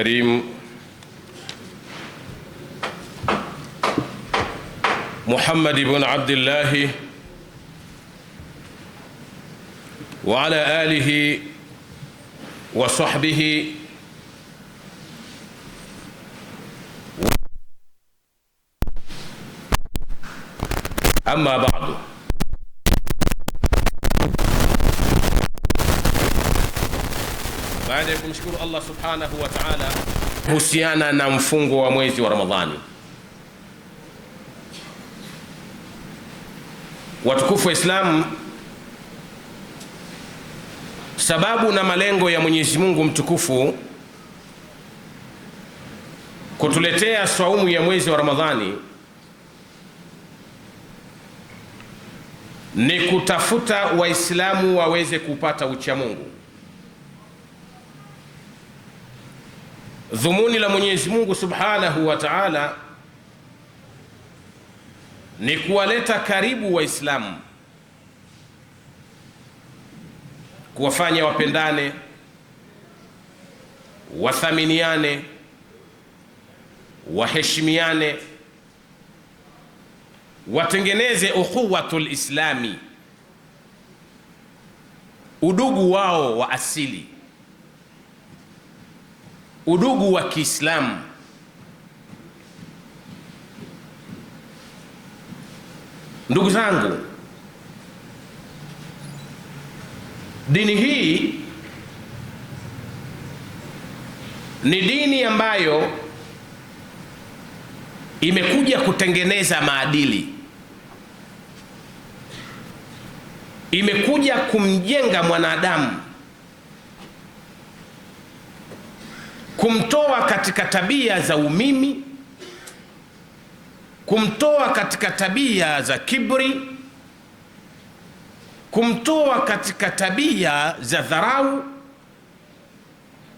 الكريم محمد بن عبد الله وعلى آله وصحبه أما بعد baada ya kumshukuru Allah subhanahu wa ta'ala husiana na mfungo wa mwezi wa Ramadhani. Watukufu wa Islamu, sababu na malengo ya Mwenyezi Mungu mtukufu kutuletea swaumu ya mwezi wa Ramadhani ni kutafuta Waislamu waweze kupata uchamungu Dhumuni la Mwenyezi Mungu Subhanahu wa Ta'ala ni kuwaleta karibu Waislamu, kuwafanya wapendane, wathaminiane, waheshimiane, watengeneze ukhuwatul islami, udugu wao wa asili udugu wa Kiislamu. Ndugu zangu, dini hii ni dini ambayo imekuja kutengeneza maadili, imekuja kumjenga mwanadamu kumtoa katika tabia za umimi, kumtoa katika tabia za kibri kumtoa katika tabia za dharau,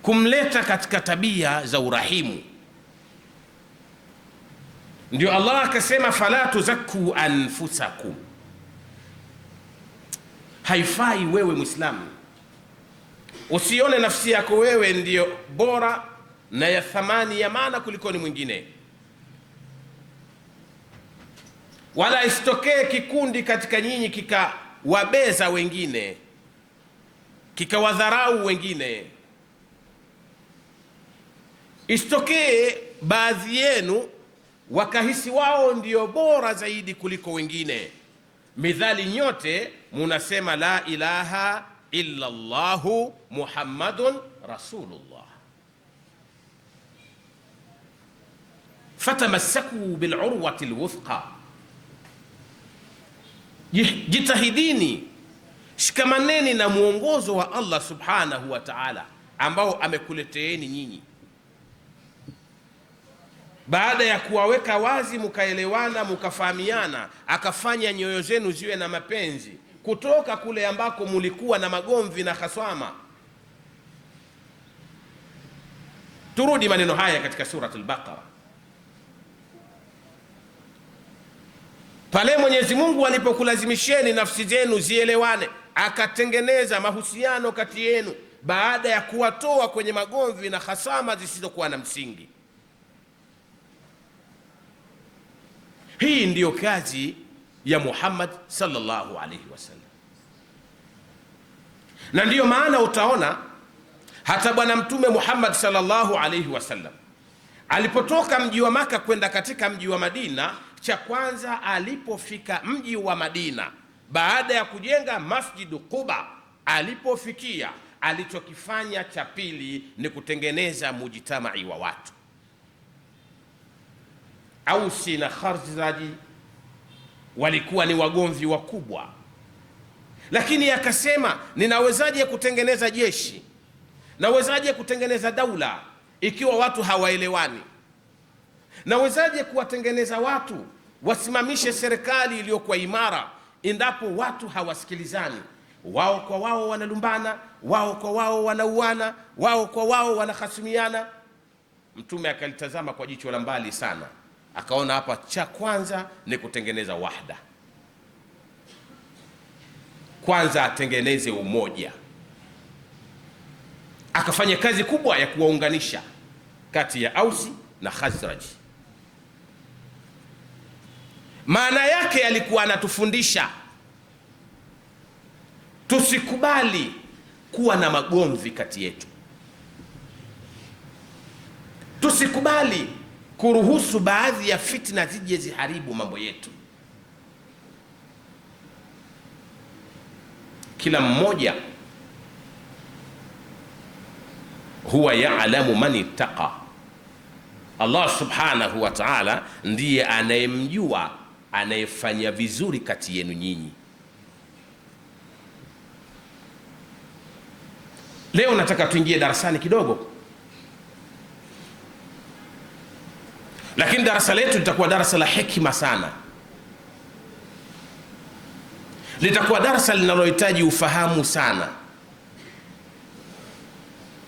kumleta katika tabia za urahimu. Ndio Allah akasema, fala tuzakku anfusakum, haifai wewe Mwislamu Usione nafsi yako wewe ndiyo bora na ya thamani ya maana kulikoni mwingine, wala isitokee kikundi katika nyinyi kikawabeza wengine, kikawadharau wengine. Isitokee baadhi yenu wakahisi wao ndio bora zaidi kuliko wengine, midhali nyote munasema la ilaha illa llahu muhammadun rasulullah fatamassaku bilurwati lwuthqa, jitahidini shikamaneni na mwongozo wa Allah subhanahu wa ta'ala ambao amekuleteeni nyinyi baada ya kuwaweka wazi, mukaelewana, mukafahamiana, akafanya nyoyo zenu ziwe na mapenzi kutoka kule ambako mulikuwa na magomvi na khaswama. Turudi maneno haya katika Surat al pale Mwenyezi Mungu alipokulazimisheni nafsi zenu zielewane, akatengeneza mahusiano kati yenu baada ya kuwatoa kwenye magomvi na hasama zisizokuwa na msingi. Hii ndiyo kazi ya Muhammad sallallahu alaihi wasallam na ndiyo maana utaona hata Bwana Mtume Muhammad salllahu alaihi wasallam alipotoka mji wa Maka kwenda katika mji wa Madina, cha kwanza alipofika mji wa Madina baada ya kujenga Masjidu Quba, alipofikia alichokifanya cha pili ni kutengeneza mujitamai wa watu Ausi na kharzaji walikuwa ni wagomvi wakubwa lakini akasema ninawezaje kutengeneza jeshi, nawezaje kutengeneza daula ikiwa watu hawaelewani? Nawezaje kuwatengeneza watu wasimamishe serikali iliyokuwa imara endapo watu hawasikilizani? Wao kwa wao wanalumbana, wao kwa wao wanauana, wao kwa wao wanahasimiana. Mtume akalitazama kwa jicho la mbali sana, akaona hapa cha kwanza ni kutengeneza wahda kwanza atengeneze umoja, akafanya kazi kubwa ya kuwaunganisha kati ya Ausi na Khazraj. Maana yake alikuwa anatufundisha tusikubali kuwa na magomvi kati yetu, tusikubali kuruhusu baadhi ya fitna zije ziharibu mambo yetu. Kila mmoja huwa yaalamu man ittaqa. Allah subhanahu wa ta'ala ndiye anayemjua anayefanya vizuri kati yenu nyinyi. Leo nataka tuingie darasani kidogo, lakini darasa letu litakuwa darasa la hekima sana litakuwa darsa linalohitaji ufahamu sana.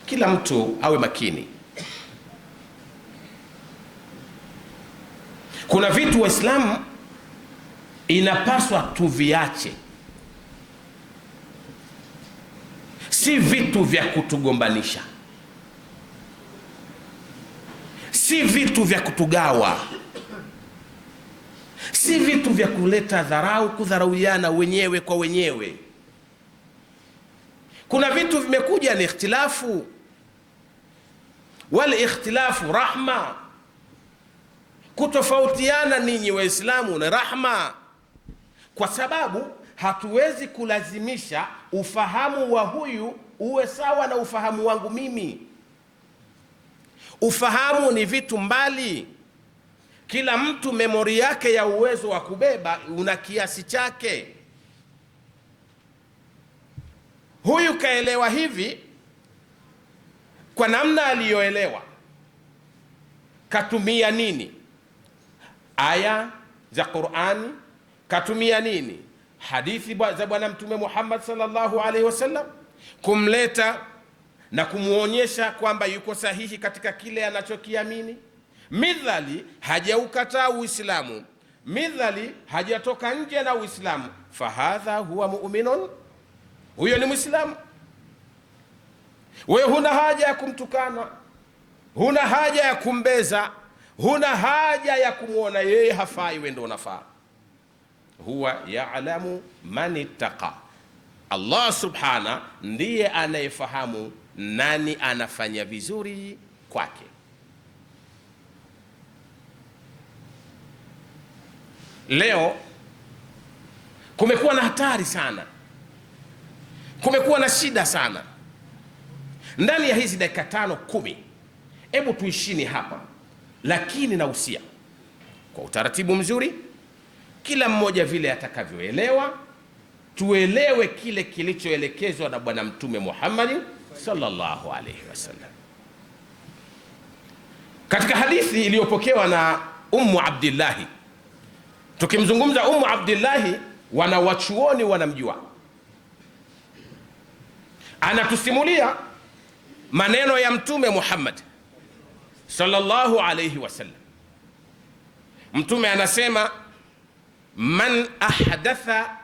Kila mtu awe makini. Kuna vitu Waislamu inapaswa tuviache, si vitu vya kutugombanisha, si vitu vya kutugawa si vitu vya kuleta dharau, kudharauiana wenyewe kwa wenyewe. Kuna vitu vimekuja ni ikhtilafu, walikhtilafu rahma, kutofautiana ninyi Waislamu ni rahma, kwa sababu hatuwezi kulazimisha ufahamu wa huyu uwe sawa na ufahamu wangu mimi. Ufahamu ni vitu mbali kila mtu memori yake ya uwezo wa kubeba una kiasi chake. Huyu kaelewa hivi kwa namna aliyoelewa, katumia nini? Aya za Qur'ani, katumia nini? Hadithi za Bwana Mtume Muhammad sallallahu alaihi wasallam kumleta na kumwonyesha kwamba yuko sahihi katika kile anachokiamini midhali hajaukataa Uislamu, midhali hajatoka nje na Uislamu, fahadha huwa muminun, huyo ni Mwislamu. Wewe huna haja ya kumtukana, huna haja ya kumbeza, huna haja ya kumwona yeye hafai, wewe ndio unafaa. Huwa yalamu man ittaqa, Allah subhana ndiye anayefahamu nani anafanya vizuri kwake. Leo kumekuwa na hatari sana, kumekuwa na shida sana. Ndani ya hizi dakika tano kumi, hebu tuishini hapa, lakini nausia kwa utaratibu mzuri, kila mmoja vile atakavyoelewa, tuelewe kile kilichoelekezwa na Bwana Mtume muhammadi salllahu alaihi wasallam katika hadithi iliyopokewa na Ummu Abdillahi Tukimzungumza Umu Abdillahi, wachuoni wanamjua, anatusimulia maneno ya Mtume Muhammad sallallahu alayhi wasallam. Mtume anasema man ahdatha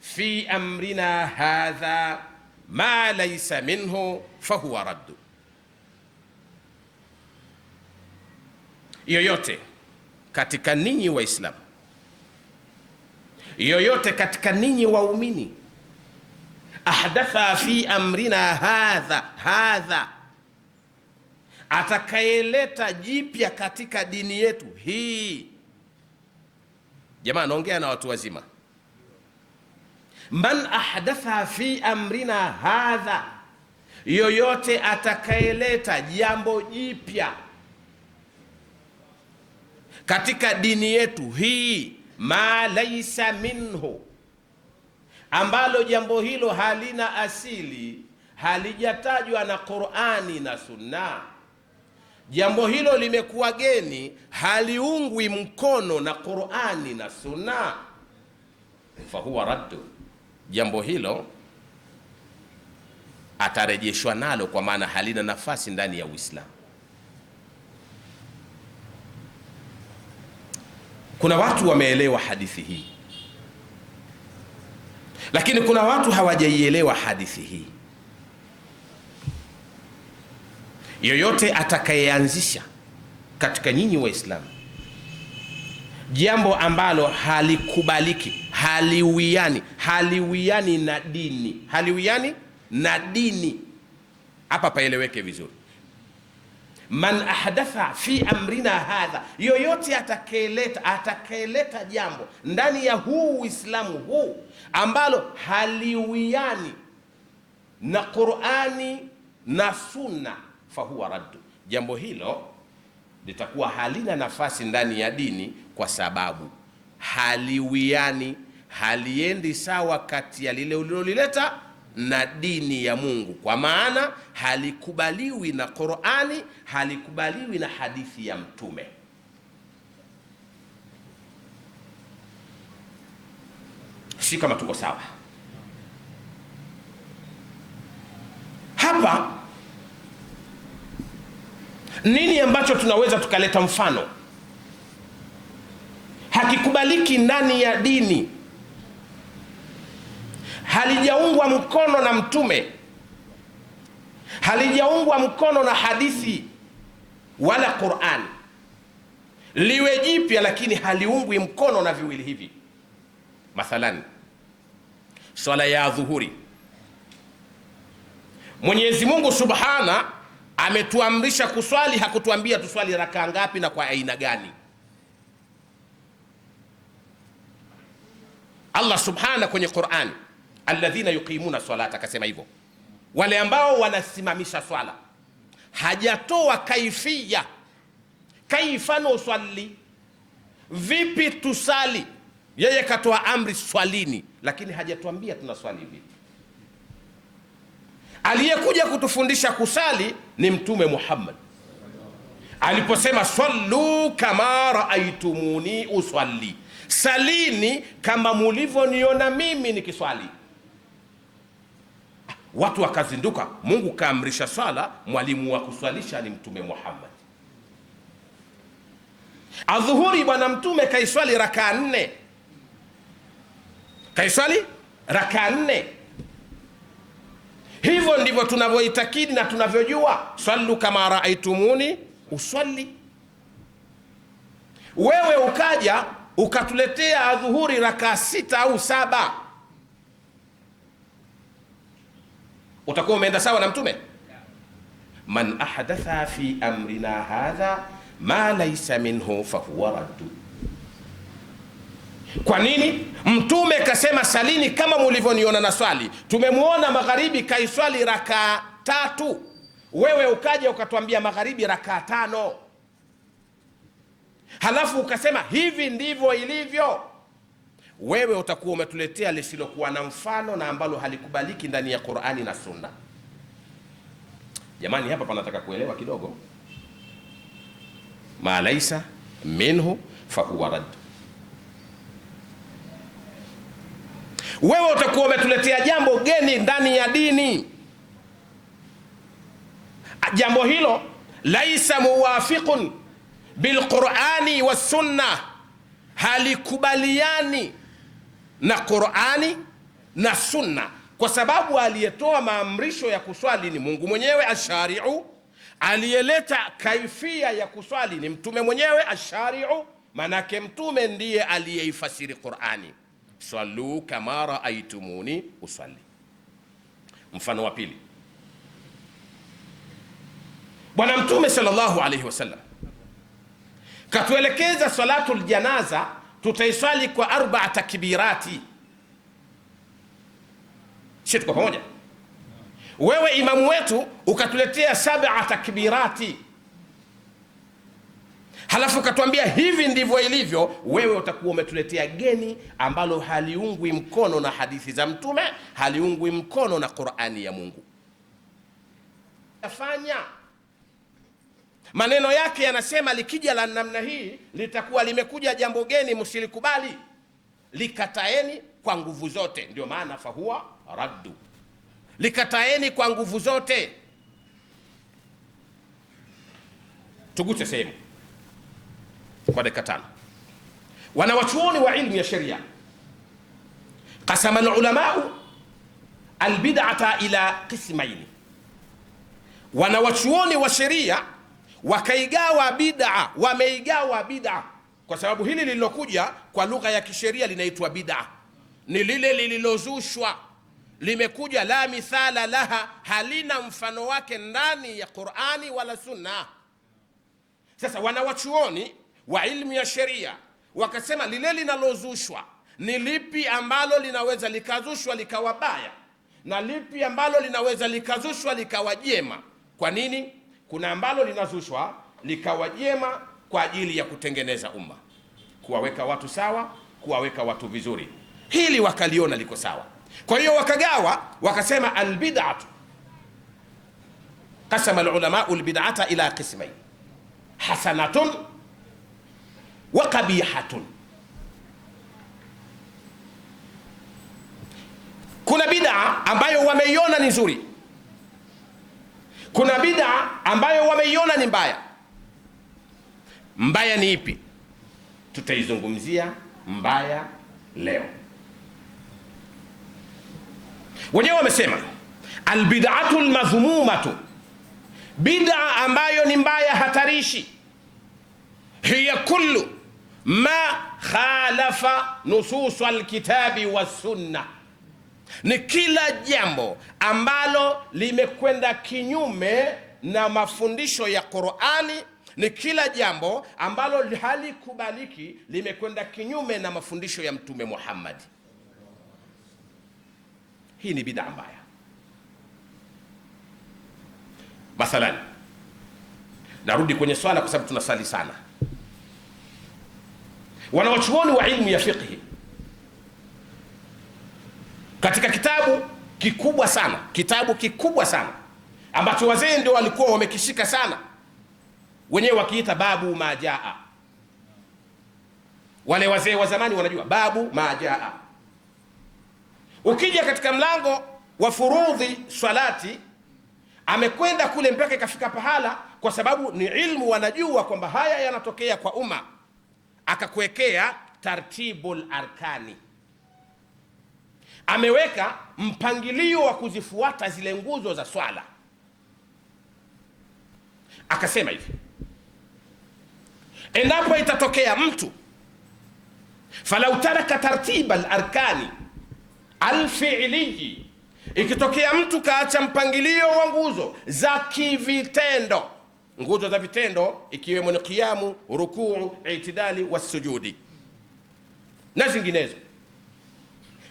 fi amrina hadha ma laysa minhu fahuwa raddu, yoyote katika ninyi Waislamu yoyote katika ninyi waumini ahdatha fi amrina hadha hadha, atakayeleta jipya katika dini yetu hii. Jamaa, naongea na watu wazima. Man ahdatha fi amrina hadha, yoyote atakayeleta jambo jipya katika dini yetu hii ma laisa minhu, ambalo jambo hilo halina asili, halijatajwa na Qur'ani na Sunna. Jambo hilo limekuwa geni, haliungwi mkono na Qur'ani na Sunna, fahuwa raddu, jambo hilo atarejeshwa nalo, kwa maana halina nafasi ndani ya Uislamu. Kuna watu wameelewa hadithi hii, lakini kuna watu hawajaielewa hadithi hii. Yoyote atakayeanzisha katika nyinyi Waislamu jambo ambalo halikubaliki, haliwiani, haliwiani na dini, haliwiani na dini, hapa paeleweke vizuri man ahdatha fi amrina hadha, yoyote atakeleta atakeleta jambo ndani ya huu Uislamu huu ambalo haliwiani na Qurani na Sunna, fahuwa raddu, jambo hilo litakuwa halina nafasi ndani ya dini, kwa sababu haliwiani, haliendi sawa kati ya lile ulilolileta na dini ya Mungu, kwa maana halikubaliwi na Qur'ani, halikubaliwi na hadithi ya Mtume. Si kama tuko sawa hapa? Nini ambacho tunaweza tukaleta mfano hakikubaliki ndani ya dini halijaungwa mkono na mtume, halijaungwa mkono na hadithi wala Qur'an, liwe jipya lakini haliungwi mkono na viwili hivi. Mathalan, swala ya dhuhuri, Mwenyezi Mungu subhana ametuamrisha kuswali, hakutuambia tuswali rakaa ngapi na kwa aina gani. Allah subhana kwenye qurani alladhina yuqimuna salata, akasema hivyo wale ambao wanasimamisha swala. Hajatoa kaifia, kaifa nusalli, vipi tusali. Yeye katoa amri swalini, lakini hajatuambia tunaswali vipi. Aliyekuja kutufundisha kusali ni Mtume Muhammad aliposema sallu kama raaitumuni usalli, salini kama mulivyoniona mimi nikiswali watu wakazinduka. Mungu kaamrisha swala, mwalimu wa kuswalisha ni Mtume Muhammad. Adhuhuri Bwana Mtume kaiswali rakaa nne, kaiswali rakaa nne. Hivyo ndivyo tunavyoitakidi na tunavyojua, sallu kama raaitumuni uswali. Wewe ukaja ukatuletea adhuhuri rakaa sita au saba utakuwa umeenda sawa na mtume. Man ahdatha fi amrina hadha ma laysa minhu fahuwa raddu. Kwa nini mtume kasema salini kama mulivyoniona na swali? Tumemwona magharibi kaiswali rakaa tatu, wewe ukaja ukatwambia magharibi rakaa tano, halafu ukasema hivi ndivyo ilivyo wewe utakuwa umetuletea lisilokuwa na mfano na ambalo halikubaliki ndani ya Qur'ani na Sunna. Jamani, hapa panataka kuelewa kidogo. ma laisa minhu fa huwa Wewe utakuwa umetuletea jambo geni ndani ya dini, jambo hilo laisa muwafiqun bilqurani wassunna, halikubaliani na Qur'ani na Sunna, kwa sababu aliyetoa maamrisho ya kuswali ni Mungu mwenyewe ashariu, aliyeleta kaifia ya kuswali ni mtume mwenyewe ashariu. Manake mtume ndiye aliyeifasiri Qur'ani, swalu kama raaitumuni usali Mfano wa pili, Bwana Mtume sallallahu alayhi wasallam katuelekeza salatul janaza tutaiswali kwa arba takbirati. Si tuko pamoja? Wewe imamu wetu ukatuletea sab'a takbirati, halafu ukatuambia hivi ndivyo ilivyo. Wewe utakuwa umetuletea geni ambalo haliungwi mkono na hadithi za Mtume, haliungwi mkono na Qur'ani ya Mungu. Afanya Maneno yake yanasema likija la namna hii litakuwa limekuja jambo geni, msilikubali, likataeni kwa nguvu zote. Ndio maana fahuwa raddu, likataeni kwa nguvu zote. Tuguse sehemu kwa dakika tano. Wanawachuoni wa ilmu ya sheria kasama lulamau albidata ila qismaini, wanawachuoni wa sheria wakaigawa bidaa wameigawa bid'a, kwa sababu hili lililokuja kwa lugha ya kisheria linaitwa bid'a, ni lile lililozushwa, limekuja la mithala laha, halina mfano wake ndani ya Qur'ani wala Sunna. Sasa wanawachuoni wa ilmu ya sheria wakasema lile linalozushwa ni lipi ambalo linaweza likazushwa likawa baya na lipi ambalo linaweza likazushwa likawa jema. Kwa nini? kuna ambalo linazushwa likawa jema kwa ajili ya kutengeneza umma, kuwaweka watu sawa, kuwaweka watu vizuri. Hili wakaliona liko sawa, kwa hiyo wakagawa, wakasema albid'atu qasama alulama albid'ata ila qismayn hasanatun wa qabihatun. Kuna bid'a ambayo wameiona ni nzuri kuna bid'a ambayo wameiona ni mbaya. Mbaya ni ipi? Tutaizungumzia mbaya leo. Wenyewe wamesema albid'atu lmadhmumatu bid'a ambayo ni mbaya hatarishi, hiya kullu ma khalafa nusus alkitabi wassunna ni kila jambo ambalo limekwenda kinyume na mafundisho ya Qur'ani, ni kila jambo ambalo halikubaliki, limekwenda kinyume na mafundisho ya Mtume Muhammad. Hii ni bidaa mbaya. Mathalan, narudi kwenye swala kwa sababu tunasali sana. Wanawachuoni wa ilmu ya fiqhi katika kitabu kikubwa sana, kitabu kikubwa sana ambacho wazee ndio walikuwa wamekishika sana, wenyewe wakiita babu majaa. Wale wazee wa zamani wanajua babu majaa. Ukija katika mlango wa furudhi salati, amekwenda kule mpaka ikafika pahala, kwa sababu ni ilmu, wanajua kwamba haya yanatokea kwa umma, akakuwekea tartibul arkani ameweka mpangilio wa kuzifuata zile nguzo za swala. Akasema hivi, endapo itatokea mtu falau taraka tartiba alarkani alfiiliyi, ikitokea mtu kaacha mpangilio wa nguzo za kivitendo, nguzo za vitendo ikiwemo ni qiamu rukuu, itidali, wasujudi na zinginezo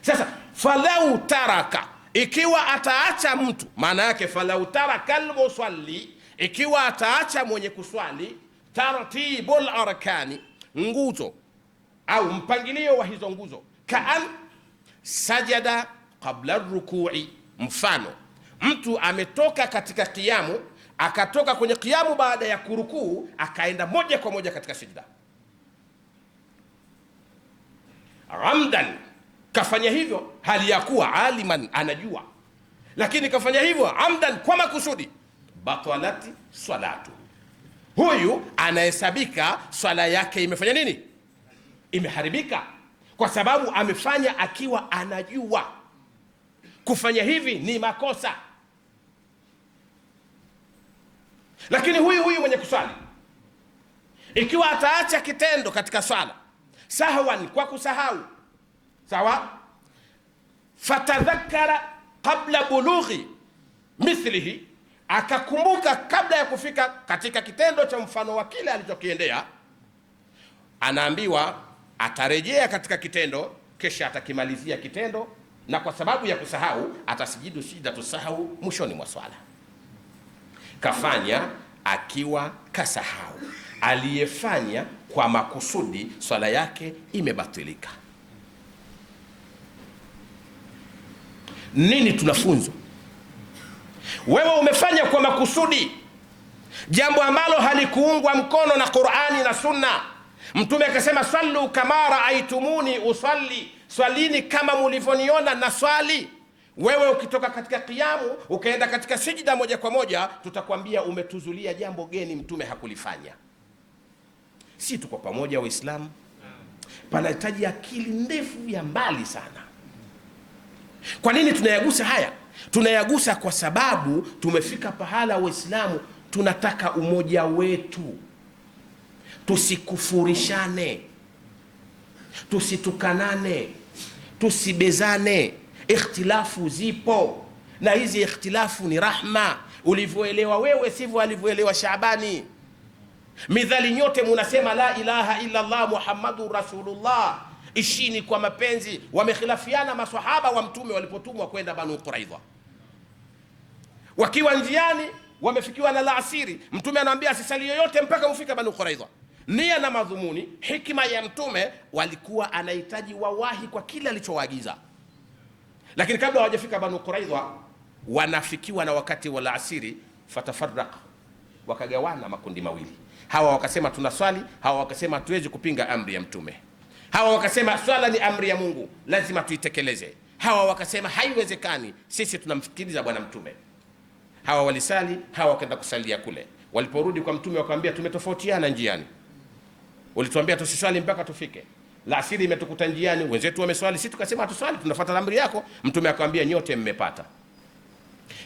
sasa falau taraka, ikiwa ataacha mtu, maana yake falau taraka lmusalli ikiwa ataacha mwenye kuswali, tartibul arkani, nguzo au mpangilio wa hizo nguzo, kaan sajada qabla rukui, mfano mtu ametoka katika kiamu akatoka kwenye kiamu baada ya kurukuu akaenda moja kwa moja katika sijda ramdan Kafanya hivyo hali ya kuwa aliman, anajua, lakini kafanya hivyo amdan, kwa makusudi. Batalati salatu, huyu anahesabika swala yake imefanya nini? Imeharibika, kwa sababu amefanya akiwa anajua. Kufanya hivi ni makosa, lakini huyu huyu mwenye kuswali ikiwa ataacha kitendo katika swala sahwan, kwa kusahau sawa, fatadhakara qabla bulughi mithlihi, akakumbuka kabla ya kufika katika kitendo cha mfano wa kile alichokiendea. Anaambiwa atarejea katika kitendo, kisha atakimalizia kitendo, na kwa sababu ya kusahau atasijidu sijidatu tusahau mwishoni mwa swala. Kafanya akiwa kasahau, aliyefanya kwa makusudi swala yake imebatilika. nini tunafunzwa? Wewe umefanya kwa makusudi jambo ambalo halikuungwa mkono na Qur'ani na Sunna. Mtume akasema, sallu kama raaitumuni usalli, swalini kama mulivyoniona na swali. Wewe ukitoka katika kiamu ukaenda katika sijida moja kwa moja, tutakwambia umetuzulia jambo geni, mtume hakulifanya. Si tuko pamoja Waislamu? Panahitaji akili ndefu ya mbali sana kwa nini tunayagusa haya? Tunayagusa kwa sababu tumefika pahala, Waislamu tunataka umoja wetu, tusikufurishane, tusitukanane, tusibezane. Ikhtilafu zipo na hizi ikhtilafu ni rahma. Ulivyoelewa wewe sivyo alivyoelewa Shabani. Midhali nyote munasema la ilaha illa Allah muhammadun rasulullah ishini kwa mapenzi. Wamekhilafiana maswahaba wa mtume walipotumwa kwenda Banu Quraidha, wakiwa njiani wamefikiwa na laasiri, mtume anawambia asisali yoyote mpaka ufika Banu Quraidha. Nia na madhumuni, hikma ya mtume, walikuwa anahitaji wawahi kwa kila alichowaagiza, lakini kabla hawajafika Banu Quraidha wanafikiwa na wakati wa laasiri, fatafaraq, wakagawana makundi mawili, hawa wakasema tunaswali, hawa wakasema hatuwezi kupinga amri ya mtume. Hawa wakasema swala ni amri ya Mungu, lazima tuitekeleze. Hawa wakasema haiwezekani, sisi tunamsikiliza bwana mtume. Hawa walisali, hawa wakaenda kusalia kule. Waliporudi kwa mtume, wakamwambia tumetofautiana njiani, ulituambia tusiswali mpaka tufike la asiri imetukuta njiani, wenzetu wameswali, sisi tukasema hatuswali, tunafuata amri yako. Mtume akamwambia nyote mmepata.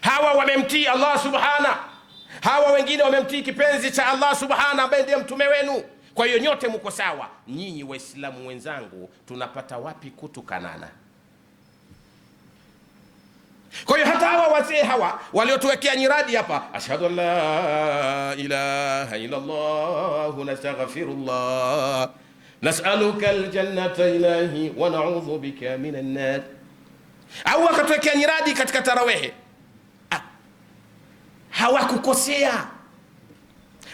Hawa wamemtii Allah subhana, hawa wengine wamemtii kipenzi cha Allah subhana, ambaye ndiye mtume wenu. Kwa hiyo nyote mko sawa. Nyinyi Waislamu wenzangu, tunapata wapi kutukanana? Kwa hiyo hata hawa wazee hawa waliotuwekea nyiradi hapa, ashhadu an la ilaha illa Allah nastaghfirullah nasaluka aljannata ilahi wa naudhu bika min nar, au wakatuwekea nyiradi katika tarawehe. Ah, hawakukosea,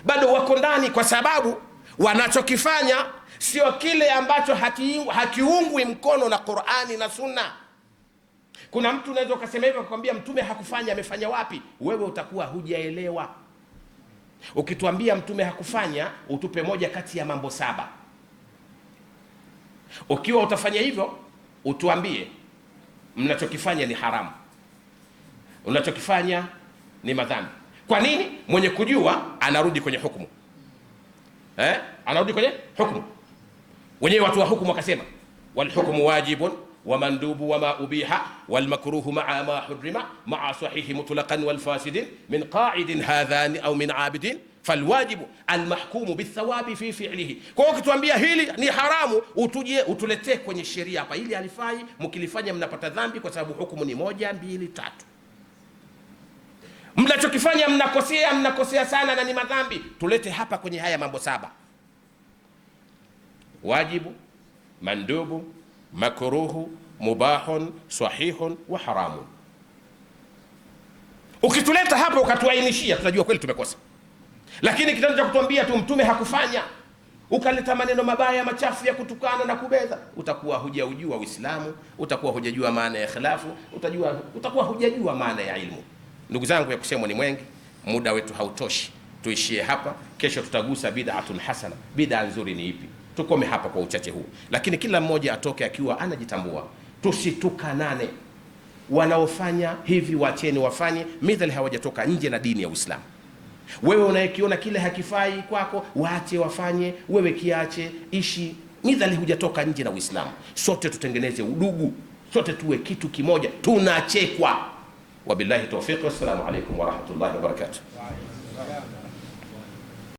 bado wako ndani, kwa sababu Wanachokifanya sio kile ambacho haki, hakiungwi mkono na Qur'ani na Sunna. Kuna mtu unaweza ukasema hivyo akakwambia mtume hakufanya, amefanya wapi? Wewe utakuwa hujaelewa. Ukituambia mtume hakufanya, utupe moja kati ya mambo saba. Ukiwa utafanya hivyo, utuambie mnachokifanya ni haramu, unachokifanya ni madhambi. Kwa nini? Mwenye kujua anarudi kwenye hukmu eh, anarudi kwenye hukumu. Wenyewe watu wa hukumu wakasema walhukmu wajibun wa mandubu wa ma ubiha wal makruhu maa ma hurima maa sahihi mutlaqan wal fasidin min qa'idin hadhani au min abidin falwajibu almahkumu bithawabi fi fi'lihi. Kwa hiyo ukituambia hili ni haramu, utuje utuletee kwenye sheria hapa, ili alifai mkilifanya mnapata dhambi, kwa sababu hukumu ni moja, mbili, tatu. mnachokifanya mnakosea, mnakosea sana na ni madhambi. Tulete hapa kwenye haya mambo saba: wajibu, mandubu, makruhu, mubahun, sahihun wa haramu Ukituleta hapa ukatuainishia, tunajua kweli tumekosa. Lakini kitendo cha kutwambia tu mtume hakufanya, ukaleta maneno mabaya machafu ya kutukana na kubedha utakuwa hujaujua Uislamu, utakuwa hujajua maana ya khilafu, utajua, utakuwa hujajua maana ya ilmu. Ndugu zangu, ya kusema ni mwengi, muda wetu hautoshi, tuishie hapa. Kesho tutagusa bid'atun hasana, bid'a nzuri ni ipi. Tukome hapa kwa uchache huu, lakini kila mmoja atoke akiwa anajitambua, tusitukanane. Wanaofanya hivi wacheni wafanye, midhali hawajatoka nje na dini ya Uislamu. Wewe unayekiona kile hakifai kwako, waache wafanye, wewe kiache, ishi midhali hujatoka nje na Uislamu. Sote tutengeneze udugu, sote tuwe kitu kimoja. Tunachekwa. وبالله التوفيق والسلام عليكم ورحمة الله وبركاته